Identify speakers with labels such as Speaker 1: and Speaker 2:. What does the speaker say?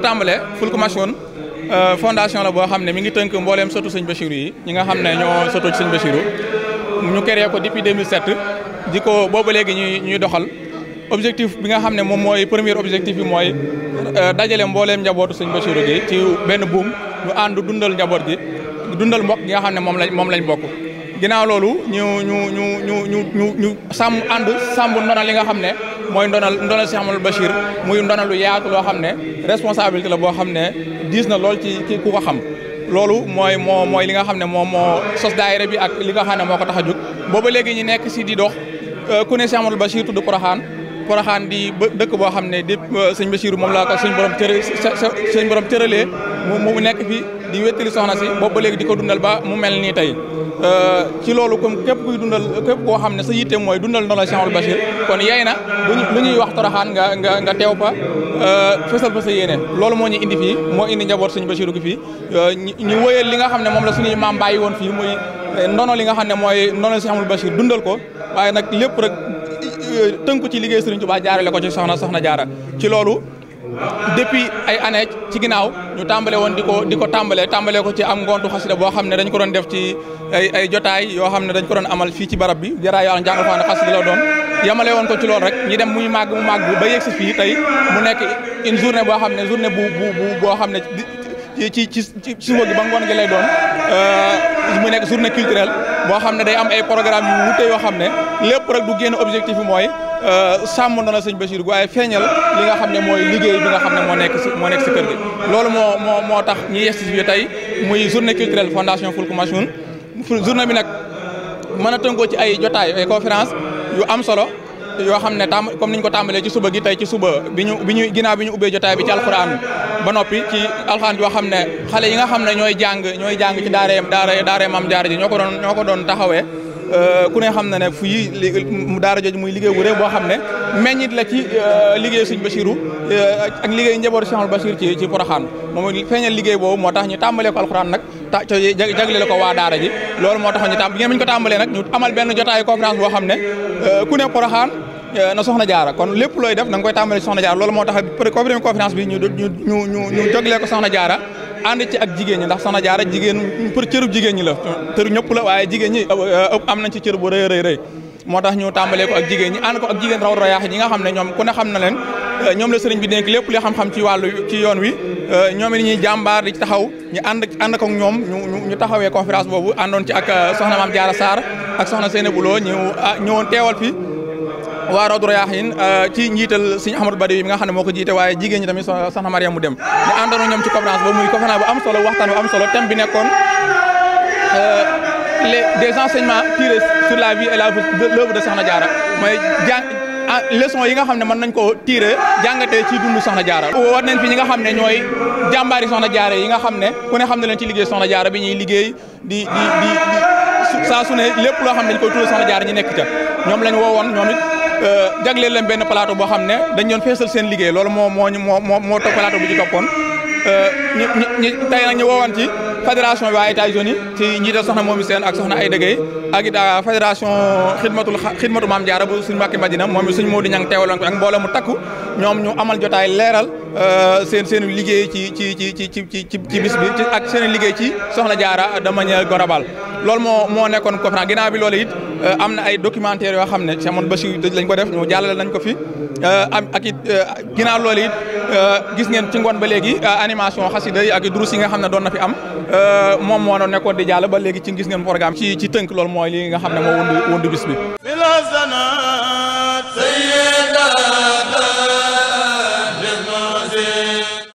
Speaker 1: mu tàmbalee Fulku Machoun euh, fondation la boo xam ne mi ngi tënk mbooleem sotu sëñ Bachirou yi ñi nga xam ne ñoo sotu sëñ Bachirou ñu créé ko depuis 2007 di ko boobu léegi ñu ñuy doxal objectif bi nga xam ne moom mooy premier objectif bi mooy euh, dajale mbooleem njabootu sëñ Bachirou gi ci benn buum ñu ànd dundal njaboot gi dundal mbokk gi nga xam ne moom lañ moom lañ bokk. ginnaaw loolu ñu ñu ñu ñu ñu ñu ànd sàmm li nga xam ne. mooy ndonal ndonal Cheikh Amadou Bachir muy ndonal lu yaatu loo xam ne responsabilité la boo xam ne diis na lool ci ci ku ko xam loolu mooy moo mooy li nga xam ne moom moo sos daayira bi ak li nga xam ne moo ko tax a jóg booba léegi ñu nekk si di dox euh, ku ne Cheikh Amadou Bachir tudd Porokhane Porokhane di dëkk boo xam ne di euh, sëñ Bachirou moom la ko suñ borom tëra suñ borom tëralee mu mu nekk fi di wettali soxna si boobu ba léegi di ko dundal ba mu mel nii tey euh, ci loolu comme képp kuy dundal képp koo xam ne sa yitte mooy dundal ndono Cheikhul Bachir kon yey na lu wax Porokhane nga nga nga teew fa euh, fësal fa sa yéene loolu moo ñu indi fii moo indi njaboot suñ Bachirou gi fii ñu wëyal li nga xam ne moom la suñuy maam bàyyi woon fii muy li nga xam ne mooy ndono Cheikhul Bachir dundal ko waaye nag lépp rek tënku ci liggéey Serigne Touba jaarale ko ci soxna soxna jaara ci loolu depuis ay années ci ginnaaw ñu tàmbale woon di ko di ko tàmbale tàmbale ko ci am ngontu xasida boo xam ne dañ ko doon def ci ay ay jotaay yoo xam ne dañ ko doon amal fii ci barab bi jaraay yoo xam ne jàngal faa ne xasida la doon woon ko ci loolu rek ñi dem muy màgg mu màgg ba yegg si fii tey mu nekk une ne boo xam ne journée bu bu bu boo xam ne ci ci ci suba gi ba ngoon gi lay doon euh, mu nekk journée culturelle boo xam ne day am ay programme yu wute yoo xam ne lépp rek du génn objectif bi mooy euh, sàmm na sëñ Bachir waaye feeñal li nga xam ne mooy liggéey bi nga xam ne moo nekk si moo nekk si loolu moo moo moo tax ñu yesti si tey muy journée culturelle fondation Foulkoul Machoun journée bi nag mën a tënkoo ci ay jotaay ay conférence yu am solo. yoo xam ne tam comme niñ ko tàmbalee ci suba gi tey ci suba alxuraan ba noppi ci alxuraan yoo xam ne xale yi nga xam ne ñooy jàng ñooy jàng ci daaree daare daaree maam jaar ji ñoo ko doon ñoo ko doon taxawee euh, ku ne xam na ne fii daara jooju muy liggéey bu rëy boo xam ne meññit la ci euh, liggéey suñ Basiru euh, ak liggéey njaboot Cheikhul ba ci ci Poroxaan moom feeñal liggéey boobu moo tax ñu tàmbalee ko alxuraan nag ta jagleel ko waa daara ji loolu moo tax ñu tàmb bi ngeen ko tàmbalee nag ñu amal benn jotaayu conférence boo xam ne ku ne Poroxaan Euh, na soxna jaara kon lépp looy def nanga koy tàmbali soxna jaara lool moo tax première conférence bi ñu ñu ñu ñu ñu joglee soxna jaara ànd ci ak jigéen ñi ndax soxna jaara jigéen pour cëru jigéen ñi la cëru ñëpp la waaye jigéen ñi euh, euh, am nañ ci cër bu rëy rëy moo tax ñu tàmbalee ko ak jigéen ñi ànd ko ak jigéen raw royaax ñi nga xam ne ñoom ku ne xam na leen ñoom la sëriñ bi dénk lépp li xam-xam ci wàllu ci yoon wi ñoom it ñuy jàmbaar di taxaw ñu ànd ànd ko ak ñoom ñu ñu taxawee conférence boobu àndoon ci ak soxna maam jaara Sarr ak soxna Seyna Bulo ñu ah, ñëwoon teewal fi waa Rawdu Rayaahin euh, ci njiital sëñ Ahmadou ba bi nga xam ne moo ko jiite waaye jigéen ñi tamit soxna Mariam mu dem ñu àndoon ñoom ci conférence ba muy conférence bu am solo am solo thème bi nekkoon euh, les des enseignements tirés sur la vie et la l'œuvre de Soxna Jaara mooy ah, leçon yi nga xam ne mën nañ ko tirer jàngatee ci dundu Soxna Jaara war nañ fi ñi nga xam ne ñooy jàmbaari Soxna Jaara yi nga xam ne ku ne xam ne leen ci liggéey Soxna Jaara bi ñuy liggéey di di di saa su ne lépp loo xam ne dañ koy tudd Soxna Jaara ñi nekk ca ñoom lañ woowoon ñoom it Euh, jagleel leen benn plateau boo xam ne dañ doon feesal seen liggéey loolu moo moo moo moo toog plateau bi ci toppoon euh, ñu ñu ñu tey nag ñu woowoon ci fédération bi waa États-Unis ci njiital soxna Momy seen ak soxna ay Gueye ak it euh, fédération xidmatul xidmatu Maam Jaara bo suñ Mbàkke Madina moom it suñ Modou Niang teewaloon ko ak mbooloo mu takku ñoom ñu amal jotaay leeral Euh, seen seen liggéey ci ci ci ci ci ci ci bis bi ak seen liggéey ci soxna jaara de manière globale moo moo nekkoon conférence ginnaaw bi loolu it euh, am na ay documentaire yoo xam ne Cheikh Amadou Bachir dëj lañ ko def ñu jàllale nañ ko fi euh, am ak it ginnaaw loolu it gis ngeen ci ngoon ba léegi animation xasida yi ak i yi nga xam ne doon na fi am moom moo doon nekkoon di jàll ba léegi ci gis ngeen programme ci ci tënk loolu mooy li nga xam ne moo wundu wundu bis